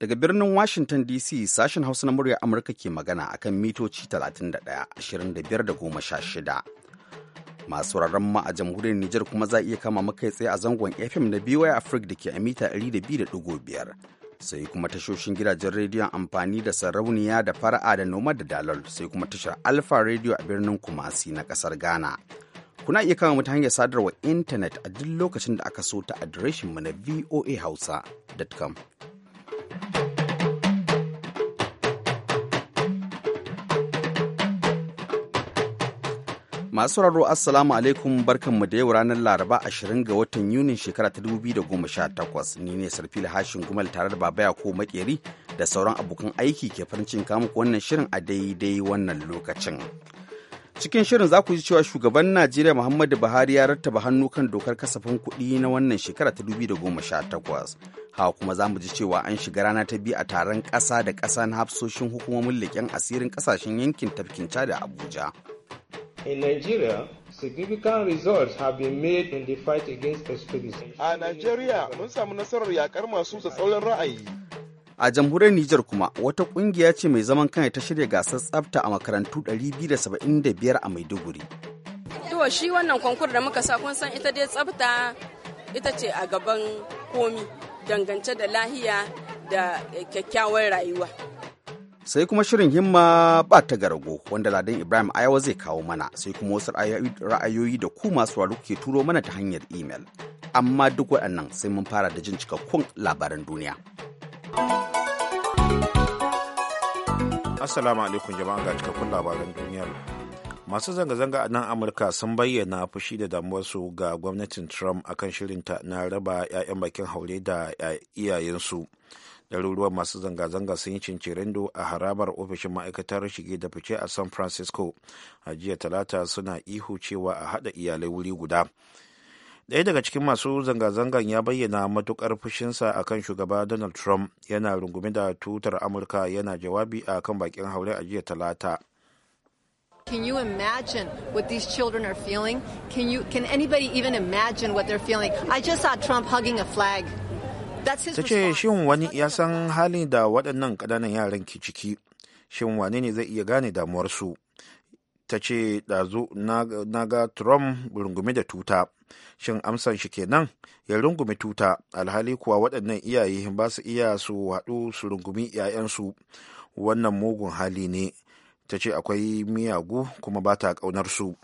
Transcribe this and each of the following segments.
Daga birnin Washington DC sashen Hausa na muryar Amurka ke magana akan mitoci 31, 25 da 16. Masu wuraren ma a jamhuriyar Nijar kuma za iya kama makai tsaye a zangon FM na BY Africa da ke a mita 200.5. Sai kuma tashoshin gidajen rediyon amfani da sarauniya da fara'a da noma da dalol sai kuma tashar Alpha Radio a birnin Kumasi na kasar Ghana. Kuna iya kama ta hanyar sadarwa intanet a duk lokacin da aka so ta adireshinmu na voahausa.com. Masu sauraro Assalamu alaikum barkanmu da yau ranar Laraba 20 ga watan Yunin shekara ta 2018 ni ne sarfil Hashin Gumal tare da Baba ko Makeri da sauran abokan aiki ke farin cin kamuku wannan shirin a daidai wannan lokacin. cikin shirin za ku ji cewa shugaban najeriya muhammadu buhari ya rattaba hannu kan dokar kasafin kuɗi na wannan shekara ta dubi sha takwas, hawa kuma za mu ji cewa an shiga rana ta biyu a taron ƙasa da ƙasa na hafsoshin hukumomin leƙen asirin ƙasashen yankin tafkin da abuja In Nigeria, significant results have been made in the fight against extremism. A Nigeria, mun samu nasarar yakar masu tsatsauran ra'ayi. A jamhuriyar Nijar kuma wata kungiya ce mai zaman kanta ta shirya gasar tsafta a makarantu 275 a Maiduguri. To shi wannan konkur da muka sa kun san ita dai tsafta ita ce a gaban komi dangance da lahiya da kyakkyawar rayuwa. Sai kuma shirin himma ba ta garago wanda Ladan Ibrahim Ayawa zai kawo mana sai kuma wasu ra'ayoyi da ku masu waru ke turo mana ta hanyar imel. Amma duk waɗannan sai mun fara da jin cikakkun labaran duniya. Assalamu alaikum jama'a ga cikakkun labaran duniyar. Masu zanga-zanga a nan Amurka sun bayyana fushi da damuwarsu ga gwamnatin Trump akan shirinta na raba 'ya'yan bakin haure da iyayensu. Ɗaruruwan masu zanga-zanga sun yi cincirindo a harabar ofishin ma'aikatar shige da fice a San Francisco. A jiya talata suna ihu cewa a haɗa iyalai wuri guda. daya daga cikin masu zanga-zangan ya bayyana matukar fushinsa a kan shugaba donald trump yana rungume da tutar amurka yana jawabi a kan bakin haure a jiya talata Can you imagine what these children are feeling? Can you can anybody even imagine what they're feeling? I just saw Trump hugging a flag. That's his shin wani ya san halin da waɗannan ƙananan yaran ke ciki? Shin wane ne zai iya gane damuwarsu? Ta ce ɗazu na ga Trump rungume da tuta. shin amsan shi kenan ya rungumi tuta alhali kuwa waɗannan iyaye ba su iya su haɗu su rungumi 'ya'yansu wannan mugun hali ne ta ce akwai miyagu kuma ba ta ƙaunar su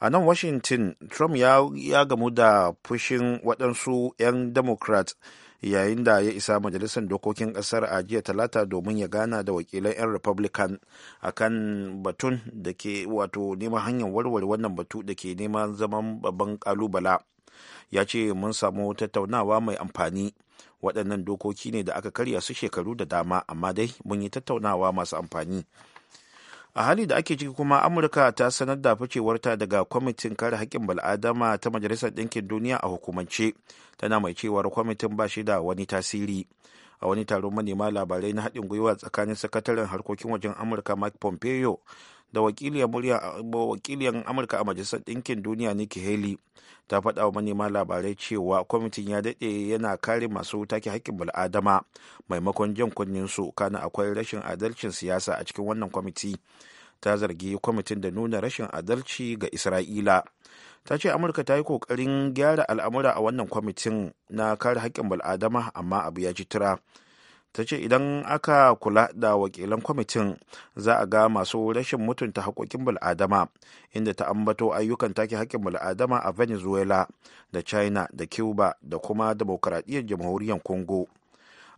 a nan washington trump ya, gamu da fushin waɗansu 'yan democrat yayin da ya isa majalisar dokokin kasar a jiya talata domin ya gana da wakilan 'yan republican akan batun da ke wato neman hanyar warware wannan batu da ke neman zaman babban kalubala ya ce mun samu tattaunawa mai amfani waɗannan dokoki ne da aka karya su shekaru da dama amma dai mun yi tattaunawa masu amfani. a hali da ake ciki kuma amurka ta sanar da ficewarta daga kwamitin kare haƙƙin bal'adama ta majalisar ɗinkin duniya a hukumance tana mai cewar kwamitin ba shi da wani tasiri a wani taron manema labarai na haɗin gwiwa tsakanin sakataren harkokin wajen amurka mike pompeo da wakiliyar amurka a majalisar ɗinkin duniya nikki haley ta faɗa wa manema labarai cewa kwamitin ya daɗe yana kare masu take haƙƙin bal'adama maimakon jan kunninsu kana akwai rashin adalcin siyasa a cikin wannan kwamiti ta zargi kwamitin da nuna rashin adalci ga isra'ila ta ce amurka ta yi ƙoƙarin gyara al'amura a wannan kwamitin na kare haƙƙin bal'adama amma abu ya ci tura ta ce idan aka kula da wakilan kwamitin za a ga masu rashin mutunta haƙoƙin bul'adama inda ta ambato ayyukan take haƙƙin bul'adama a venezuela da china da cuba da kuma demokaradiyyar jamhuriyar congo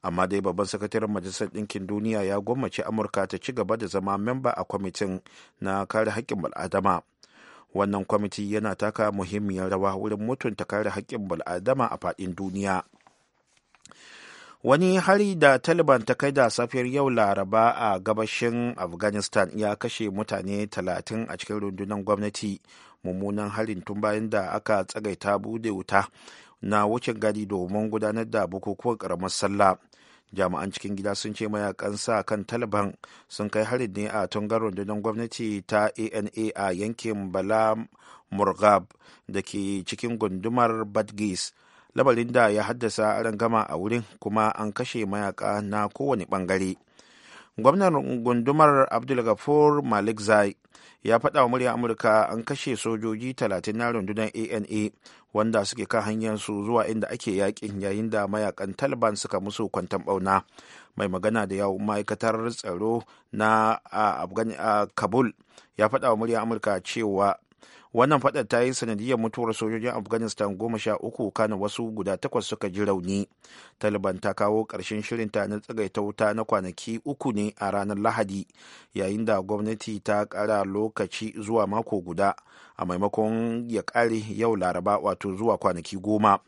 amma dai babban sakataren majalisar ɗinkin duniya ya gwammace amurka ta ci gaba da zama memba a kwamitin na kare haƙƙin bal'adama wannan kwamiti yana taka muhimmiyar rawa wurin mutunta kare haƙƙin bal'adama a faɗin duniya wani hari da taliban ta kai da safiyar yau laraba a gabashin afghanistan ya kashe mutane 30 a cikin rundunar gwamnati mummunan harin tun bayan da aka tsagaita bude wuta na wucin gadi domin gudanar da bukukuwan karamar sallah jami'an cikin gida sun ce mayakan sa kan taliban sun kai harin ne a tungar rundunar gwamnati ta ana a yankin bala murgab da ke cikin gundumar badgis labarin da ya haddasa rangama a wurin kuma an kashe mayaka na kowane bangare gwamnan gundumar abdulgafur malik zai ya faɗa wa murya amurka an kashe sojoji 30 na rundunar ana wanda suke kan hanyar su zuwa inda ake yakin yayin da mayakan taliban suka musu kwantan bauna mai magana da yawon ma'aikatar tsaro na kabul ya faɗa wa murya amurka cewa wannan fadar ta yi sanadiyar mutuwar sojojin afghanistan goma sha uku kana wasu guda takwas suka ji rauni taliban ta kawo ƙarshen ta na tsagaita wuta na kwanaki uku ne a ranar lahadi yayin da gwamnati ta kara lokaci zuwa mako guda a maimakon ya kare yau laraba wato zuwa kwanaki goma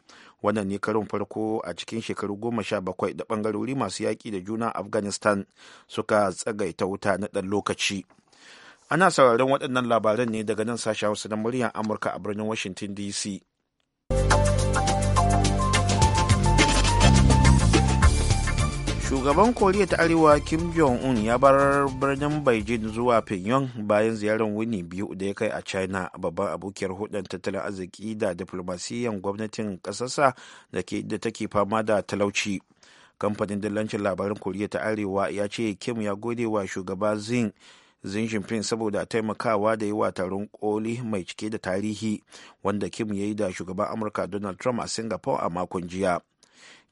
wannan ne karin farko a cikin shekaru goma sha bakwai da bangarori masu yaki da juna afghanistan suka tsagaita wuta na ɗan lokaci ana sauraron waɗannan labaran ne daga nan sashen hausa na muryar amurka a birnin washington dc shugaban koriya ta arewa kim jong-un ya bar birnin beijing zuwa pyongyang bayan ziyarar wuni biyu da ya kai a china babban abokiyar hudun tattalin arziki da diflomasiyan gwamnatin kasarsa da take fama da talauci kamfanin dillancin labaran koriya ta arewa ya ce kim ya gode wa shugaba zin Xi Jinping saboda taimakawa da yi wa taron koli mai cike da tarihi wanda Kim ya yi da shugaban Amurka Donald Trump a Singapore a makon jiya.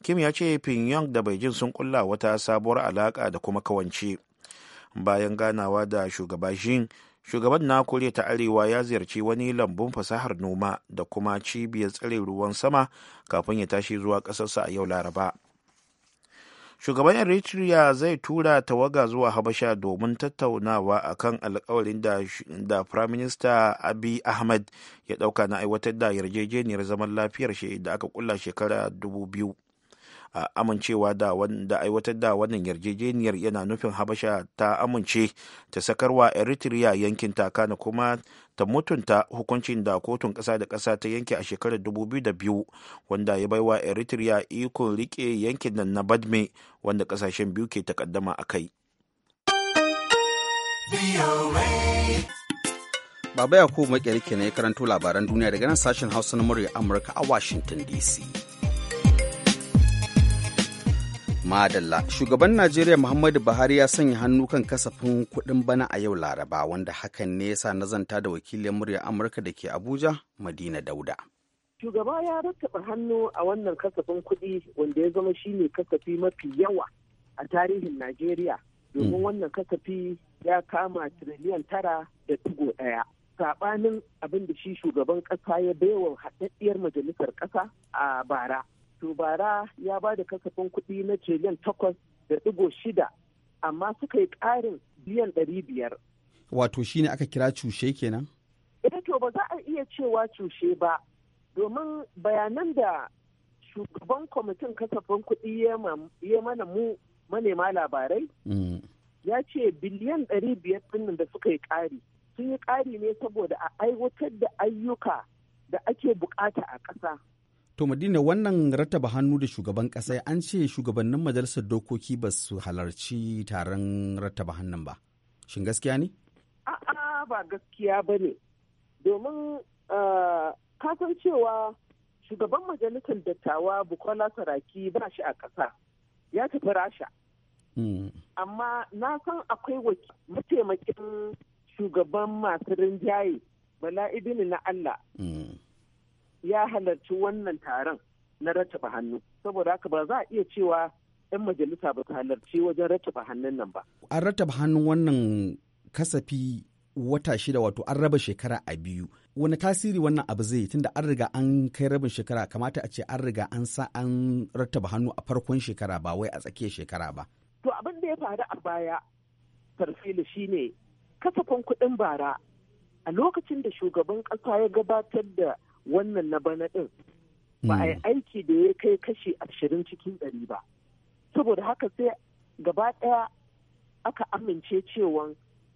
Kim ya ce Pyongyang da Beijing sun kulla wata sabuwar alaka da kuma kawance. Bayan ganawa da shugaba Xi, shugaban na Koriya ta Arewa ya ziyarci wani lambun fasahar noma da kuma cibiyar tsare ruwan sama kafin ya tashi zuwa ƙasarsa a yau Laraba. shugaban eritrea zai tura tawaga zuwa habasha domin tattaunawa a kan alkawarin da, firaminista minister abi ahmed ya dauka na aiwatar da yarjejeniyar zaman lafiyar da aka kulla shekara 2000 amincewa da wanda aiwatar da wannan yarjejeniyar yana nufin habasha ta amince ta sakarwa eritrea yankin takana kuma ta mutunta hukuncin da kotun ƙasa da kasa ta yanke a shekarar 2002 wanda ya baiwa eritrea ikon rike yankin nan na badme wanda ƙasashen biyu ke takaddama a kai Baba Yakubu Makeri kenan ya karanto labaran duniya daga nan sashen Hausa na murya Amurka a Washington DC. Madalla, shugaban Najeriya Muhammadu Buhari ya sanya hannu kan kasafin kuɗin bana a yau Laraba wanda hakan ne yasa nazanta da wakilin murya Amurka da ke Abuja, Madina Dauda. Shugaba ya rattaba hannu a wannan kasafin kuɗi wanda ya zama shine kasafi mafi yawa a tarihin Najeriya domin mm. wannan kasafi ya kama tiriliyan tara da tugo ɗaya. Saɓanin abin da shi shugaban ƙasa ya baiwa haɗaɗɗiyar majalisar ƙasa a bara. to ya ba da kasafin kuɗi na jiliyan takwas da ɗigo shida amma suka yi ƙarin biyan ɗari biyar. Wato shi ne aka kira cushe kenan? Ita eh to ba za a iya cewa cushe ba domin bayanan da shugaban kwamitin kasafin kuɗi ya mana mu manema labarai mm. ya ce biliyan ɗari biyar ɗin da suka yi ƙari sun yi ƙari ne saboda a aiwatar da ayyuka da ake bukata a ƙasa To Madina wannan rattaba hannu da shugaban ƙasa an ce shugabannin majalisar dokoki ba su halarci taron rattaba hannun ba. Shin gaskiya ne? A'a ba gaskiya ba ne. Domin ah, kasan cewa shugaban majalisar dattawa Bukola Saraki ba shi a ƙasa. Ya tafi rasha. Hmm. Amma na san akwai mataimakin shugaban masu rinjaye Bala na Allah. Hmm. ya halarci wannan taron na rattaba hannu saboda haka ba za a iya cewa 'yan majalisa ba su halarci wajen rattaba hannun nan ba. An rattaba hannun wannan kasafi wata shida wato an raba shekara a biyu. Wani tasiri wannan abu zai yi tunda an riga an kai rabin shekara kamata a ce an riga an sa an rattaba hannu a farkon shekara ba wai a tsakiyar shekara ba. To abin da ya faru a baya tarfili shine kasafin kuɗin bara a lokacin da shugaban ƙasa ya gabatar da wannan na bana ɗin ba a yi hmm. aiki da ya kai kashi ashirin cikin ɗari ba saboda haka sai gaba ɗaya aka amince cewa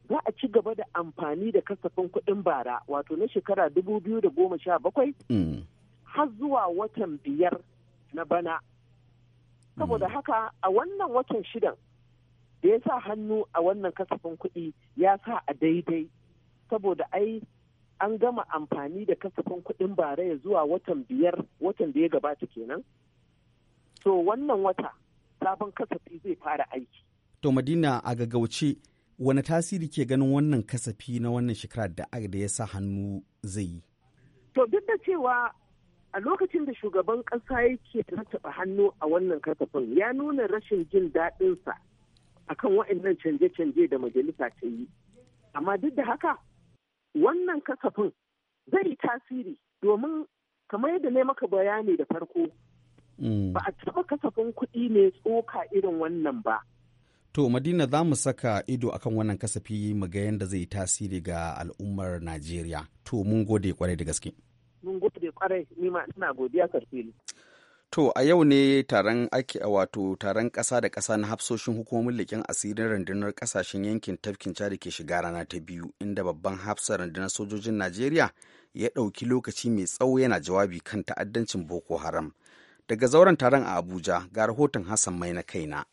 za a ci gaba da amfani da kasafin kuɗin bara wato na shekara dubu biyu da goma sha bakwai hmm. har zuwa watan biyar na bana saboda hmm. haka a wannan watan shidan da ya sa hannu a wannan kasafin kuɗi ya sa a daidai saboda ai an gama amfani da kasafin kuɗin baraya zuwa watan biyar watan da ya gabata kenan so wannan wata sabon kasafi zai fara aiki to madina a gaggauce wani tasiri ke ganin wannan kasafi na wannan shekara da da ya sa hannu zai yi to duk da cewa a lokacin da shugaban ƙasa yake rattaba hannu a wannan kasafin ya nuna rashin jin daɗinsa akan waɗannan canje-canje da majalisa ta yi amma duk da haka wannan kasafin zai yi tasiri domin kamar yadda ne maka bayani da farko mm. ba a taɓa kasafin kuɗi ne tsoka irin wannan ba. To Madina za mu saka ido akan wannan kasafi mu ga yadda zai tasiri ga al'ummar Najeriya. To mun gode kwarai da gaske. Mun gode kwarai, ni ma ina godiya Sarfili. To a yau ne taron ake wato taron ƙasa da ƙasa na hafsoshin hukumomin leƙen asirin rundunar kasashen yankin tafkin da ke shiga rana ta biyu inda babban hafsa rundunar sojojin Najeriya ya ɗauki lokaci mai tsawo yana jawabi kan ta'addancin Boko Haram. Daga zauren taron a Abuja ga rahoton Hassan mai na kaina.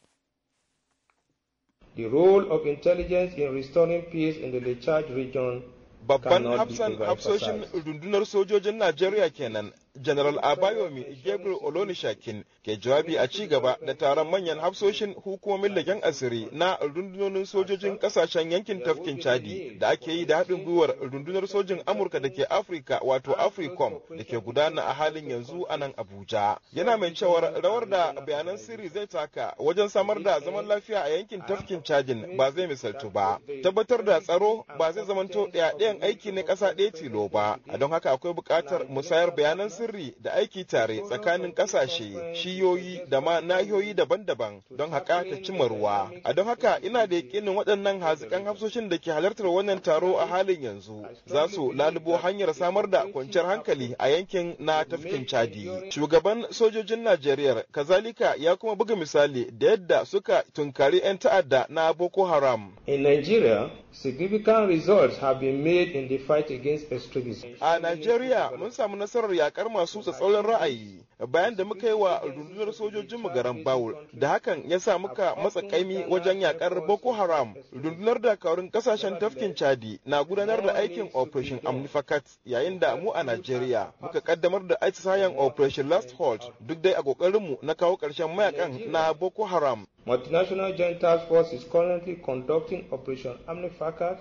The role of intelligence in restoring peace in the Lechard region Babban hafsan hafsoshin rundunar sojojin Najeriya kenan General Abayomi Gabriel Olonishakin ke jawabi a ci gaba da taron manyan hafsoshin hukumomin lagen asiri na rundunonin sojojin kasashen yankin tafkin Chadi da ake yi da haɗin gwiwar rundunar sojin Amurka da ke Afirka wato Africom da ke gudana a halin yanzu a nan Abuja. Yana mai cewar rawar da bayanan sirri zai taka wajen samar da zaman lafiya a yankin tafkin Chadin ba zai misaltu ba. Tabbatar da tsaro ba zai zamanto ɗaya ɗayan aiki na ƙasa ɗaya tilo ba. A don haka akwai buƙatar musayar bayanan sirri sirri da aiki tare tsakanin ƙasashe shiyoyi da ma nahiyoyi daban-daban don haƙa ta cimma ruwa a don haka ina da yakinin waɗannan hazikan hafsoshin da ke halartar wannan taro a halin yanzu za su lalubo hanyar samar da kwanciyar hankali a yankin na tafkin chadi shugaban sojojin najeriya kazalika ya kuma buga misali da yadda suka tunkari 'yan ta'adda na boko haram Significant results have been made in the fight against extremism. A nigeria mun samu nasarar yakar masu tsatsauran ra'ayi bayan da muka yi wa rundunar sojojin mu garan Bawul. Da hakan ya sa muka matsa kaimi wajen yakar Boko Haram. Rundunar dakarun kasashen tafkin Chadi na gudanar da aikin Operation amnifakat yayin da mu a nigeria muka kaddamar da atisayen Operation Last Hold duk dai a kokarin mu na kawo ƙarshen mayakan na Boko Haram. Multinational Joint Task Force is currently conducting Operation Amnifacat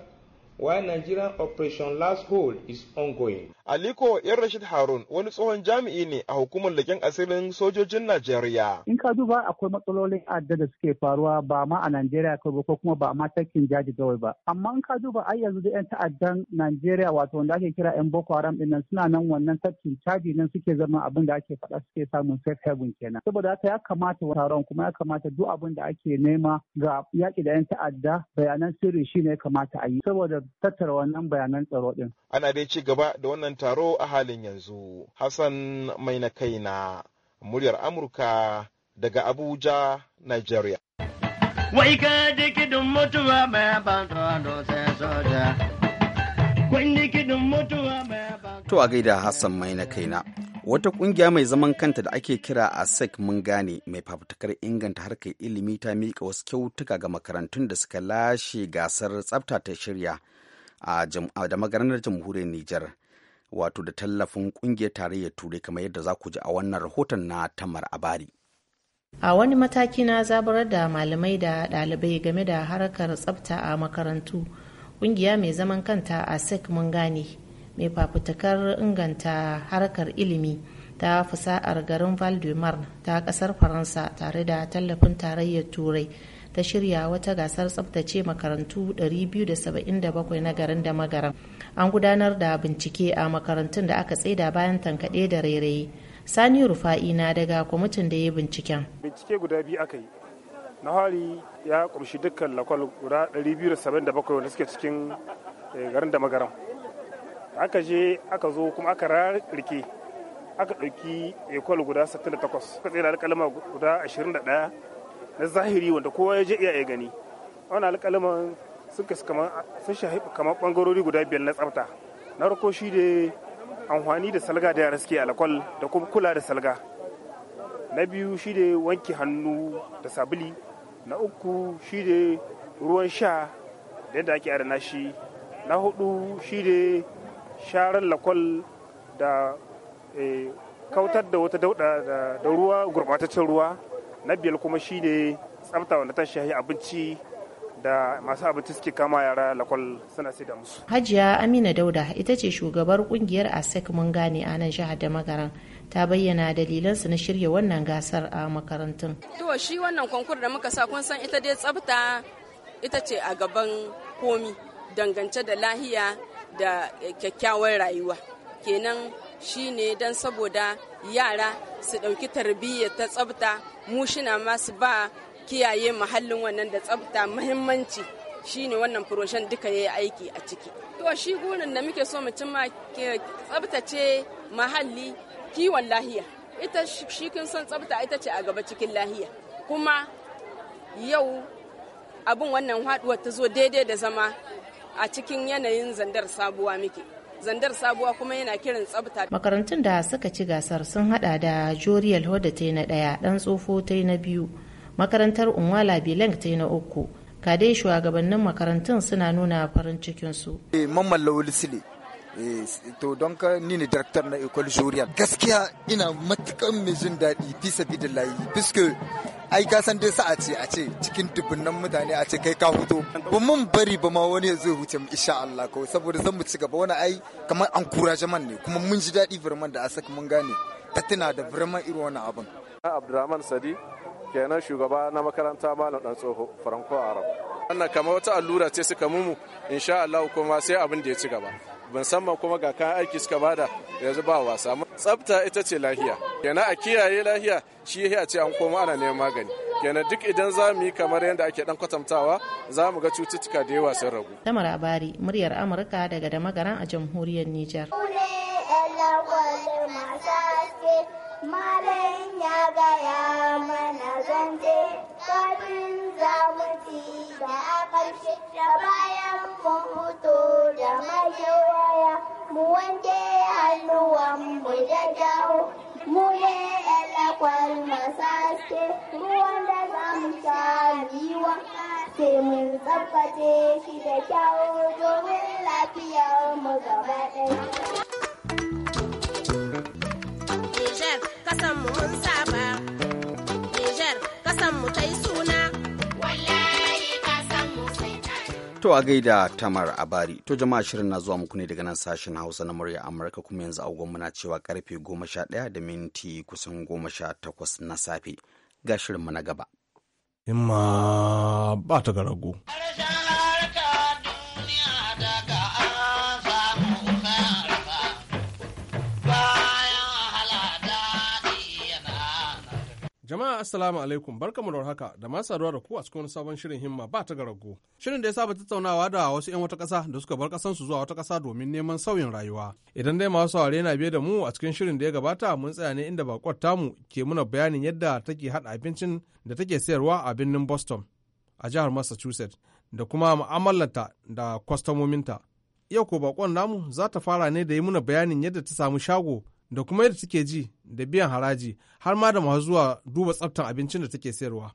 while Nigerian Operation Last Hold is ongoing. Aliko ‘yan Rashid Harun wani tsohon jami'i ne a hukumar laƙen asirin sojojin Najeriya. In ka duba akwai matsalolin adda da suke faruwa ba ma a Najeriya ka ba ko kuma ba ma sakin jaji kawai ba. Amma in ka duba ai yanzu da 'yan ta'addan Najeriya wato wanda ake kira 'yan Boko Haram din nan suna nan wannan sakin caji nan suke zama abin da ake faɗa suke samun safe haven kenan. Saboda haka ya kamata taron kuma ya kamata duk abin da ake nema ga yaƙi da 'yan ta'adda bayanan sirri shine ya kamata a yi. Saboda tattara wannan bayanan tsaro din. Ana dai ci gaba da wannan taro a halin yanzu. Hassan mai na kaina muryar Amurka daga Abuja, Nigeria. Wai ka ji kidin mutuwa mai ban tsoro sai soja. Kun ji kidin mutuwa mai ban To a gaida Hassan mai na kaina. wata ƙungiya mai zaman kanta da ake kira a SEC mun gane mai fafutukar inganta harkar ilimi ta miƙa wasu kyautuka ga makarantun da suka lashe gasar tsafta ta shirya a da maganar jamhuriyar Nijar wato da tallafin kungiyar tarayyar turai kamar yadda za ku ji a wannan rahoton na tamar abari. A wani mataki na zaburar da malamai da ɗalibai game da harkar tsafta a makarantu, ƙungiya mai zaman kanta a sec mun gane mai fafutukar inganta harkar ilimi ta fusa'ar garin Val ta ƙasar Faransa tare da tallafin tarayyar Turai. ta shirya wata gasar tsabtace makarantu 277 na garin da magaran an gudanar da bincike a makarantun da aka tsaida bayan tankaɗe da rairayi sani rufa'i na daga kwamitin da ya binciken bincike guda biyu aka yi na hari ya kumshi dukkan lakwal guda 277 wanda suke cikin eh, garin da magaran aka je aka zo kuma aka rarrike aka ɗauki ekwal guda 68 aka tsaye da alƙalama guda 21 na zahiri wanda kowa ya je iya ya gani wannan alƙalaman sun shahi kamar ɓangarori guda biyar na tsafta na farko shi da amfani da salga da yara suke alkwal da kuma kula da salga na biyu shi da wanke hannu da sabuli na uku shi da ruwan sha da yadda ake adana shi na hudu shi da sharar lakwal da eh, kautar da wata dauda da ruwa gurbataccen ruwa na biyar kuma shine tsafta wanda ta shahi abinci da masu abinci suke kama yara lakwal suna sai da musu. Hajiya Amina Dauda ita ce shugabar kungiyar ASEC mun gane a nan jihar da magaran ta bayyana dalilansu na shirya wannan gasar a makarantun. To shi wannan konkur da muka sa kun san ita dai tsafta ita ce a gaban komi dangance da lahiya da kyakkyawar rayuwa. Kenan shine ne don saboda yara su ɗauki tarbiyya ta tsafta mu shina masu ba kiyaye muhallin wannan da tsafta muhimmanci shine wannan furoshen duka ya yi aiki a ciki to shi gurin da muke so mutum ma tsaftace muhalli kiwon lahiya ita shi kin san tsafta ita ce a gaba cikin lahiya kuma yau abin wannan haduwa ta zo daidai da zama a cikin yanayin zandar sabuwa muke zandar sabuwa kuma yana kiran tsabta. Makarantun da suka ci gasar sun hada da Joriyal Hoda ta na ɗaya, ɗan tsofo ta na biyu, makarantar Unwala Bilang ta na uku. Kadai shugabannin makarantun suna nuna farin cikinsu. Eh, Mamman Lawal Sile Eh, to don ka ni ne na école jurial gaskiya ina matukan mai jin daɗi fi layi puisque ai ka san dai sa'a ce a ce cikin dubunnan mutane a ce kai ka huto ba mun bari ba ma wani zai huce mu insha Allah ko saboda zan mu ci gaba wani ai kamar an man ne kuma mun ji daɗi firman da asaka mun gane ta tuna da firman irin wannan abin Abdurrahman Sadi kenan shugaba na makaranta Malam Dan Tsoho Franco Arab wannan kamar wata allura ce suka mumu insha Allah kuma sai abin da ya ci gaba Ban san ma kuma ga kayan aiki suka bada yanzu ba wasa tsafta ita ce lahiya kenan a kiyaye lahiya shi ya ce an koma ana neman magani kenan duk idan za mu yi kamar yadda ake dan kwatantawa za mu ga cututtuka da yawa sun ragu tamar abari muryar amurka daga damagaran a jamhuriyar niger ya gaya mana zanje kafin zamuti da ƙarshe da bayan mun fito da makewaya mu wanke hannuwan mu da dawo mu ne alakwal masaske ruwan da za mu sha riwa sai mun tsabtace shi da kyau domin lafiyar mu gaba ɗaya. kasan mun sa To a gaida Tamar Abari, to jama'a shirin na zuwa muku ne daga nan sashen Hausa na murya Amurka kuma yanzu agon muna cewa karfe goma sha ɗaya da minti kusan goma sha takwas na safe. Ga shirin shirinmu na gaba. Imma ba ta garago. Jama'a assalamu alaikum barkamu da haka da masu saduwa da ku a cikin sabon shirin himma ba ta garago. Shirin da ya saba tattaunawa da wasu 'yan wata ƙasa da suka bar ƙasansu zuwa wata ƙasa domin neman sauyin rayuwa. Idan dai masu saurare na biye da mu a cikin shirin da ya gabata mun tsaya ne inda bakwar tamu ke muna bayanin yadda take haɗa abincin da take sayarwa a birnin Boston a jihar Massachusetts da kuma mu'amalarta da kwastomominta. Yau ko bakon namu za ta fara ne da yi muna bayanin yadda ta samu shago da kuma yadda suke ji da biyan haraji har ma da masu zuwa duba tsaftan abincin da take sayarwa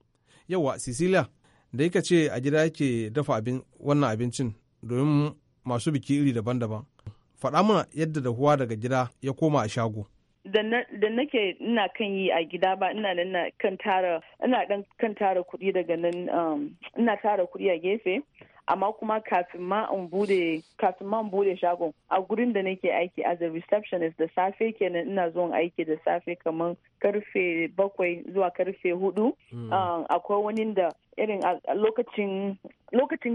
yawa cecilia da yaka ce a gida yake dafa wannan abincin domin masu biki iri daban-daban faɗa mana yadda dahuwa daga gida ya koma a shago da nake ina kan yi a gida ba ina nan kan ina kan tara kuɗi daga nan um, ina tara kuɗi a gefe amma kuma kafin ma in bude shagon a gurin da nake aiki as a receptionist da safe kenan ina zuwa aiki da safe kamar karfe bakwai zuwa karfe hudu hmm. ah, akwai wani da irin lokacin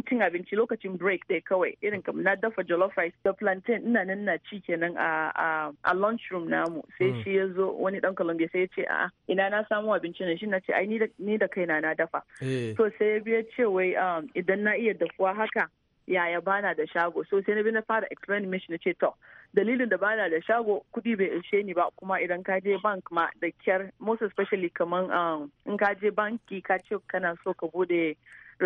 cin abinci lokacin break dai kawai irin kam na dafa jollof rice da plantain ina nan na ci kenan a a lunch room namu sai mm. shi ya zo wani dan Colombia sai ya ce a ina na samu abinci ne shi na ce ai ni da kaina na dafa so eh. sai ya biya ce wai um, idan na iya dafuwa haka yaya bana da shago so sai na bi na fara explain mishi na ce to dalilin da bana da shago kuɗi bai ishe ni ba kuma idan ka je bank ma da kyar most especially kaman um, in ka je banki ka ce kana so ka bude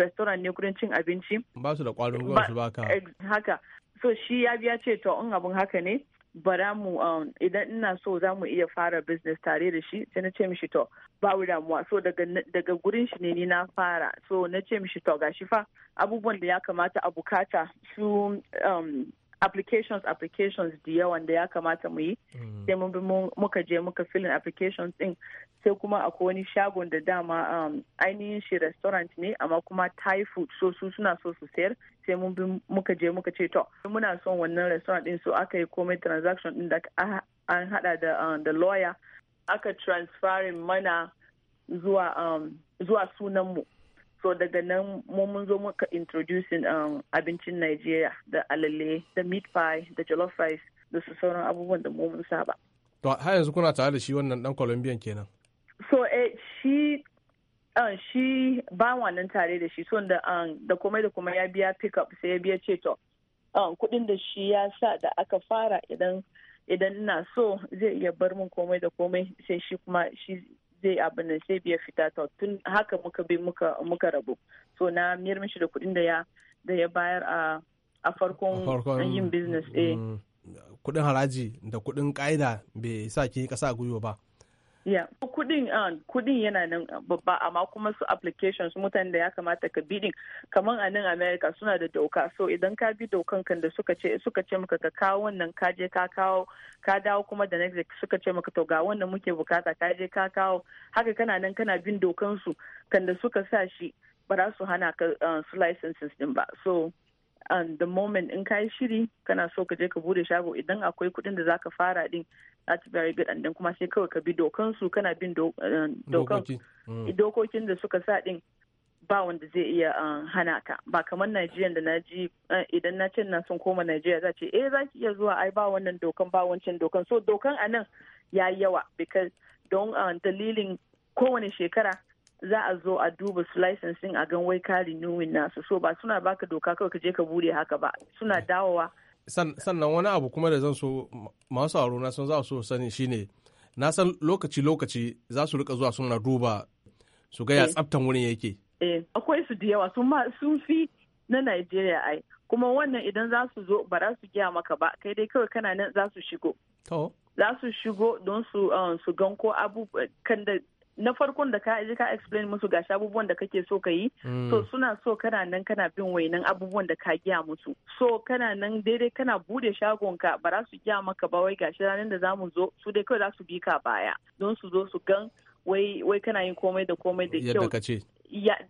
restaurant ne kudin cin abinci ba su da kwarin gwiwa su baka haka so shi ya biya ce to in abun haka ne bara mu um, idan ina so za mu iya fara business tare da shi sai na ce mishi to babu damuwa so daga gurin shi ne ni na fara so na ce mishi to gashi fa abubuwan da ya kamata a bukata su um, applications applications da yawan da ya kamata mu yi mm. sai mun bi muka je muka filin applications din sai kuma akwai wani shagon da dama um, ainihin shi restaurant ne amma kuma thai food so su suna so su sayar sai mun bi muka je muka ce to muna son wannan restaurant din so aka yi komai transaction din da an hada da uh, da lawyer aka transferin mana zuwa um, zuwa sunan mu so daga nan mu mun zo muka introducing um, abincin Nigeria da alale da meat pie da jollof rice da su sauran abubuwan da mu mun saba to har yanzu kuna tare da shi wannan dan Colombian kenan so eh shi shi ba wannan tare da shi so da an um, da komai da kuma ya biya pick up sai ya biya ce to um, kudin da shi ya sa da aka fara idan idan ina so zai iya bar min komai da komai sai shi kuma shi zai abin da sai biya fita to tun haka muka bi muka muka rabu so na miyar mishi da kudin da ya da ya bayar a a farkon yin business mm, eh mm, kudin haraji da kudin ka'ida bai sa ki kasa gwiwa ba Yeah. Kudin ah, kudin yana nan babba amma kuma su applications mutane da ya kamata ka bi din kamar a nan America suna da doka so idan ka bi dokan kan da suka ce suka ce maka ka kawo wannan ka je ka kawo ka dawo kuma da next suka ce maka to ga wannan muke bukata ka je ka kawo haka kana nan kana bin dokan su kan da suka sa shi ba za su hana ka ah, su licenses din ba so and the moment in kai shiri kana so ka je ka bude shago idan akwai kuɗin da zaka fara din that's very good and then kuma sai kawai ka bi dokan su kana bin eh, mm. dokokin da suka sa din ba wanda zai iya eh, hana ka ba kamar Najeriya da na ji eh, idan na ce na sun koma Najeriya za ce eh za ki iya zuwa ai ba wannan dokan ba wancan dokan so dokan anan yayi yawa because don dalilin kowane shekara za a zo a duba su licensing a gan wai ka renewing nasu so ba suna baka doka kawai ka je ka bude haka ba suna dawowa sannan wani abu kuma da zan so masu aro na sun za su sani shine na san lokaci lokaci za su rika zuwa suna duba su ga ya eh. tsaftan wurin yake eh, akwai su da yawa sun fi na nigeria ai kuma wannan idan za su zo ba za su giya maka ba kai dai kawai kana nan za su shigo za su shigo don su um, gan ko kan da na farkon da ka ka explain musu ga abubuwan da kake so ka yi so mm. suna so kana nan kana bin wainan abubuwan da ka giya musu so kana nan daidai kana bude shagonka ba za su giya maka ba wai gashi ranar da zamu zo su dai kawai za su bi ka baya don su zo su gan wai wai kana yin komai da komai da kyau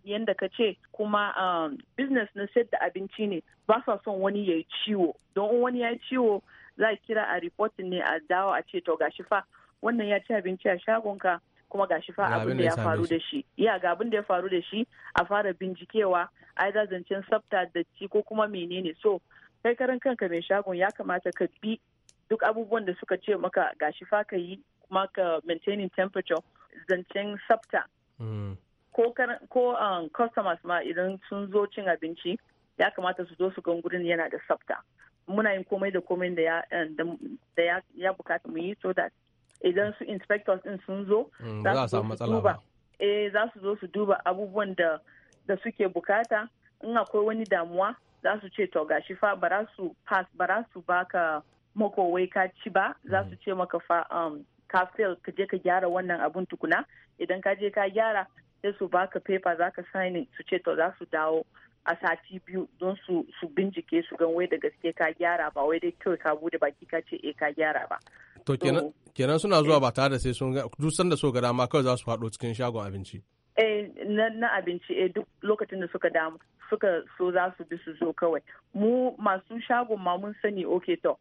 yadda ka ce kuma um, business na sayar da abinci ne ba sa son wani ya yi ciwo don wani ya yi ciwo za a kira a report ne a dawo a ce to gashi fa wannan ya ci abinci a shagon ka. kuma shi fa abin da ya faru da shi ya ga abin da ya faru da shi a fara bincikewa ai da zancen tsafta da ci ko kuma menene so kai karan kanka mai shagon ya kamata ka bi duk abubuwan da suka ce maka shi fa ka yi kuma ka maintaining temperature zancen sabta hmm. ko ko um, customers ma idan sun zo cin abinci ya kamata su zo su gan gurin yana da tsafta muna yin komai da komai da ya um, bukata mu yi so that idan su inspectors din sun zo mm, eh, za su zo su duba abubuwan da suke bukata in akwai wani damuwa za su ce to gashi fa ba su pass bara su baka mako wai ka ci ba za su mm. ce maka fa um, ka fail ka je ka gyara wannan abun tukuna idan ka je ka gyara sai su baka paper za ka signing su ce to za su dawo a sati biyu don su bincike su gan wai da gaske ka gyara ba wai dai kawai ka bude baki ka ce e ka gyara ba to kenan kenan suna zuwa ba tare da sai sun ga duk sanda so ga dama kawai za su faɗo cikin shagon abinci eh na abinci eh duk lokacin da suka damu suka so za su bi su zo kawai mu masu shagon ma mun sani okay to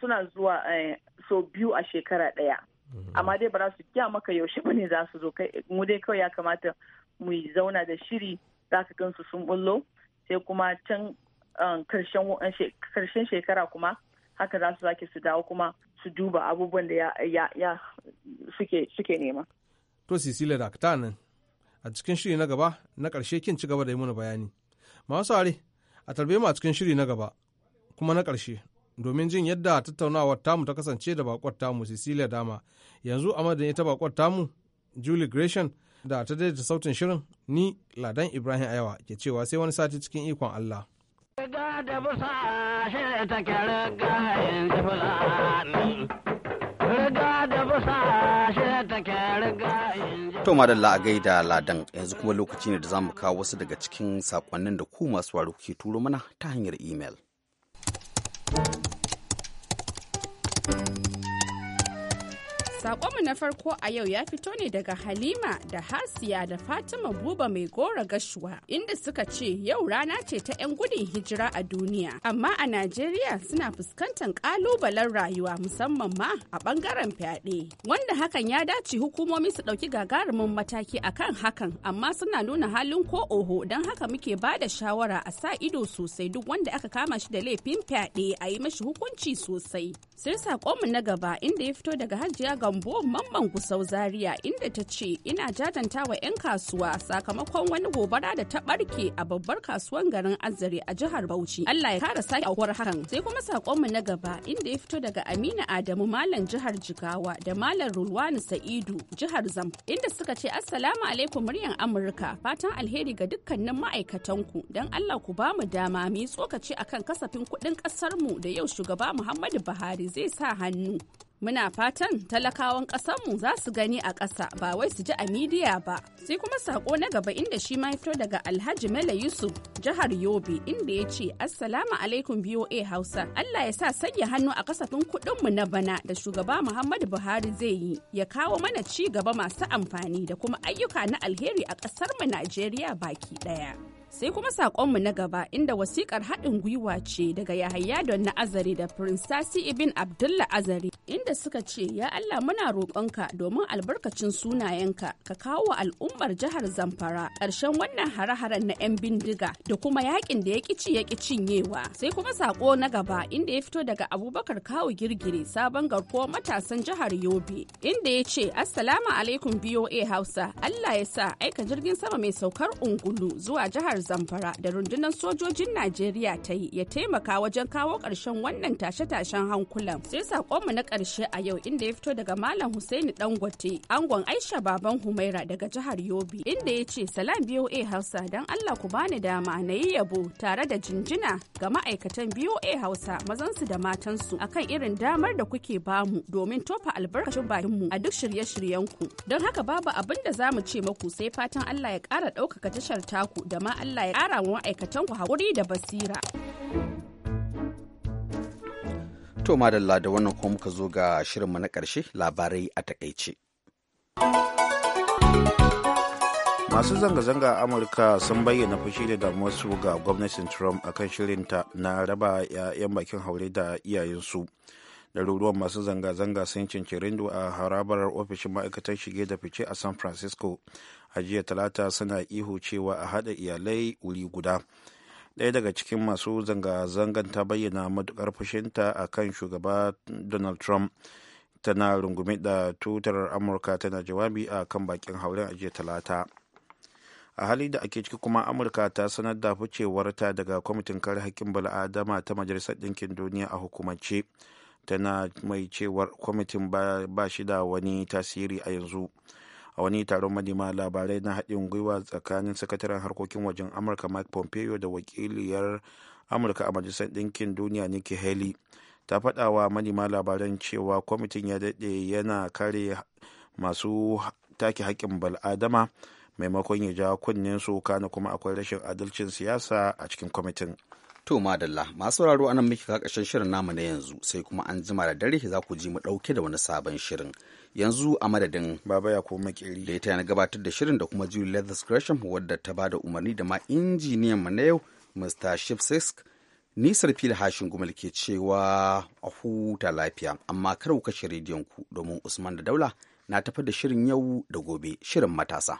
suna zuwa eh, so biyu a shekara ɗaya mhm. amma dai ba za su kiya maka yaushe ne za su zo kai mu dai kawai ya kamata mu yi zauna da shiri za ka gansu sun bullo sai kuma can um, karshen shekara kuma haka za su sake su dawo kuma su duba abubuwan da ya suke nema. To Cecilia da nan a cikin shiri na gaba na ƙarshe kin ci gaba da yi mana bayani. Masu are a tarbe mu a cikin shiri na gaba kuma na ƙarshe domin jin yadda tattaunawar tamu ta kasance da bakwar tamu Cecilia Dama yanzu a madadin ita bakwar tamu Julie Gresham da ta daidaita sautin shirin ni Ladan Ibrahim Ayawa ke cewa sai wani sati cikin ikon Allah. Da shi take da in da ladan yanzu kuma lokaci ne da za mu kawo wasu daga cikin sakonnin da ku masu wari kuke turo mana ta hanyar imel. mu na farko a yau ya fito ne daga Halima da Hasiya da Fatima Buba mai gora gashuwa inda suka ce yau rana ce ta 'yan gudun hijira a duniya. Amma a Najeriya suna fuskantar kalubalen rayuwa musamman ma a bangaren fyaɗe. Wanda hakan ya dace hukumomi su ɗauki gagarumin mataki akan hakan amma suna nuna halin ko oho don haka muke ba da shawara a sa ido sosai duk wanda aka kama shi da laifin fyaɗe a yi mashi hukunci sosai. Sai sakonmu na gaba inda ya fito daga Hajiya gambo mamman gusau zaria inda ta ce ina jajantawa wa 'yan kasuwa sakamakon wani gobara da ta barke a babbar kasuwan garin azare a jihar bauchi allah ya kara sake aukuwar hakan sai kuma sakonmu na gaba inda ya fito daga amina adamu malam jihar jigawa da malam rulwani sa'idu jihar zam inda suka ce assalamu alaikum muryan amurka fatan alheri ga dukkanin ma'aikatanku don allah ku bamu dama mu yi tsokaci akan kasafin kuɗin ƙasarmu da yau shugaba muhammadu buhari zai sa hannu Muna fatan talakawan ƙasanmu za su gani a ƙasa ba wai su ji a midiya ba. Sai kuma saƙo na gaba inda shi ma fito daga Alhaji Mele Yusuf jihar Yobe inda ya ce Assalamu alaikum BOA Hausa. Allah ya sa sanya hannu a kasafin kuɗinmu na bana da shugaba Muhammadu Buhari zai yi ya kawo mana ci gaba masu amfani da kuma ayyuka na alheri a ƙasarmu Najeriya baki ɗaya. sai kuma saƙonmu na gaba inda wasiƙar haɗin gwiwa ce daga yahaya don na azare da prince tasi ibn abdullah azare inda suka ce ya allah muna roƙonka domin albarkacin sunayenka ka kawo wa al'ummar jihar zamfara ƙarshen wannan hare-haren na 'yan bindiga da kuma yakin da ya ƙici ya ƙi cinyewa sai kuma saƙo na gaba inda ya fito daga abubakar Kawu girgire sabon garko matasan jihar yobe inda ya ce assalamu alaikum boa hausa allah ya sa aika jirgin sama mai saukar ungulu zuwa jihar zamfara da rundunar sojojin najeriya ta yi ya taimaka wajen kawo ƙarshen wannan tashe-tashen hankulan sai sakonmu na ƙarshe a yau inda ya fito daga malam husaini dangote angon aisha baban humaira daga jihar yobe inda ya ce salam boa hausa don allah ku bani dama na yi yabo tare da jinjina ga ma'aikatan boa hausa mazansu da matansu akan irin damar da kuke bamu domin tofa albarkacin bakinmu a duk shirye shiryen ku don haka babu abin da za ce maku sai fatan allah ya ƙara ɗaukaka tashar taku da ma Allah ya ƙara wa ma'aikatan ku haƙuri da basira. To madalla da wannan kuma muka zo ga shirin mu na ƙarshe labarai a takaice. Masu zanga-zanga a Amurka sun bayyana fushi da damuwarsu ga gwamnatin Trump akan shirinta na raba 'ya'yan bakin haure da iyayensu. ɗaruruwan masu zanga-zanga sun cincirin a harabar ofishin ma'aikatar shige da fice a san francisco a jiya talata suna ihu cewa a haɗa iyalai wuri guda ɗaya daga cikin masu zanga-zangan ta bayyana matukar fushinta a kan shugaba donald trump tana rungume da tutar amurka tana jawabi a kan bakin hauren a jiya talata a halin da ake ciki kuma amurka ta sanar da ficewarta daga kwamitin kare hakkin bala'adama ta majalisar ɗinkin duniya a hukumance tana mai cewar kwamitin ba shi da wani tasiri a yanzu a wani taron manema labarai na haɗin gwiwa tsakanin sakataren harkokin wajen amurka mike pompeo da wakiliyar amurka a majalisar ɗinkin duniya nikki haley ta faɗawa wa manema labaran cewa kwamitin ya daɗe yana kare masu take haƙƙin bal'adama maimakon ya ja kunnen su kana kuma akwai rashin adalcin siyasa a cikin kwamitin. To madalla masu sauraro anan muke kakashin shirin namu na yanzu sai kuma an jima da dare za ku ji mu ɗauke da wani sabon shirin. Yanzu a madadin Baba ya koma makeri da ya yana gabatar da shirin da kuma Julie Leathers Gresham wadda ta ba da umarni da ma injiniyan mu na yau Mr. Shif Sisk. Nisar fili hashin gumal ke cewa a huta lafiya amma kar ku kashe rediyon ku domin Usman da Daula na tafi da shirin yau da gobe shirin matasa.